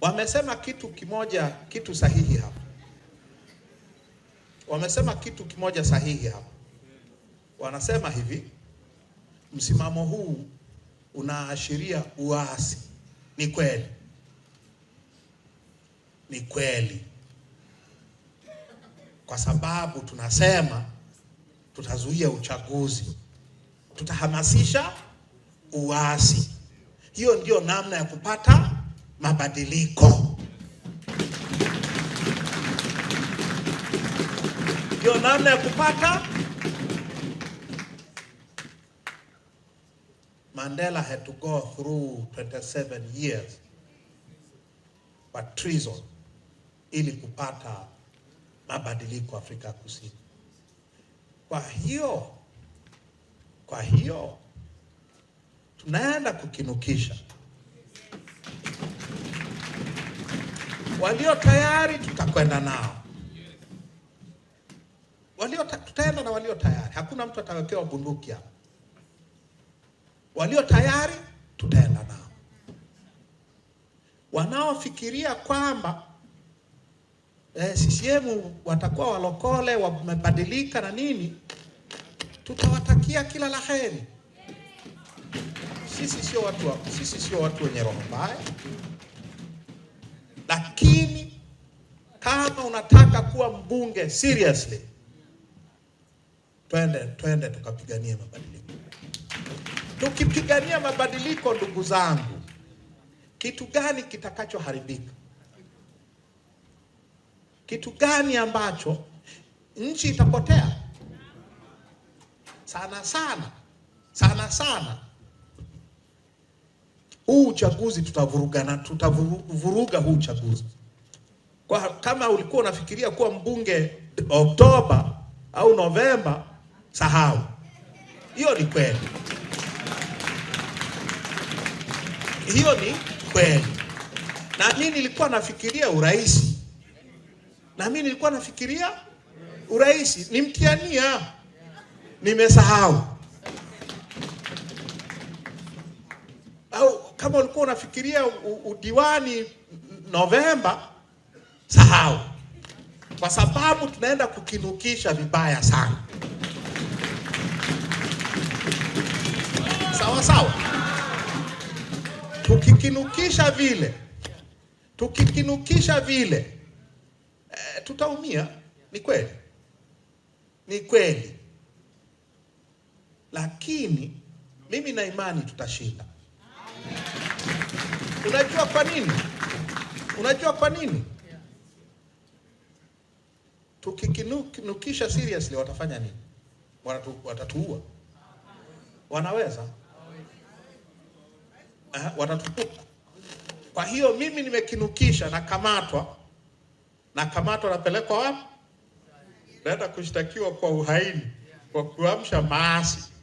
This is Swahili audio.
Wamesema kitu kimoja, kitu sahihi hapa. Wamesema kitu kimoja sahihi hapa. Wanasema hivi, msimamo huu unaashiria uasi. Ni kweli, ni kweli, kwa sababu tunasema tutazuia uchaguzi, tutahamasisha uasi. Hiyo ndio namna ya kupata mabadiliko. Ndio namna ya kupata Mandela had to go through 27 years but treason ili kupata mabadiliko Afrika Kusini. Kwa hiyo kwa hiyo tunaenda kukinukisha Walio tayari tutakwenda nao, walio tutaenda na walio tayari. Hakuna mtu atawekewa bunduki hapa. Walio tayari tutaenda nao. Wanaofikiria kwamba eh, CCM watakuwa walokole wamebadilika na nini, tutawatakia kila la heri. Sisi sio watu, sisi sio watu wenye roho mbaya. Lakini kama unataka kuwa mbunge seriously, twende twende tukapiganie mabadiliko. Tukipigania mabadiliko, ndugu zangu, kitu gani kitakachoharibika? Kitu gani ambacho nchi itapotea? Sana sana sana sana huu uchaguzi tutavurugana, tutavuruga huu uchaguzi kwa, kama ulikuwa unafikiria kuwa mbunge Oktoba au Novemba, sahau hiyo. Ni kweli, hiyo ni kweli. Na mimi nilikuwa nafikiria urais, na mimi nilikuwa nafikiria urais, nimtiania, nimesahau au kama ulikuwa unafikiria udiwani Novemba, sahau, kwa sababu tunaenda kukinukisha vibaya sana. Sawa sawa, tukikinukisha vile, tukikinukisha vile e, tutaumia. Ni kweli, ni kweli, lakini mimi na imani tutashinda. Unajua kwa nini? Unajua kwa nini? Tukikinukisha seriously watafanya nini? Watatu, watatuua. Wanaweza uh, Kwa hiyo mimi nimekinukisha, nakamatwa, nakamatwa, napelekwa wapi? Naenda kushtakiwa kwa uhaini, kwa kuamsha maasi.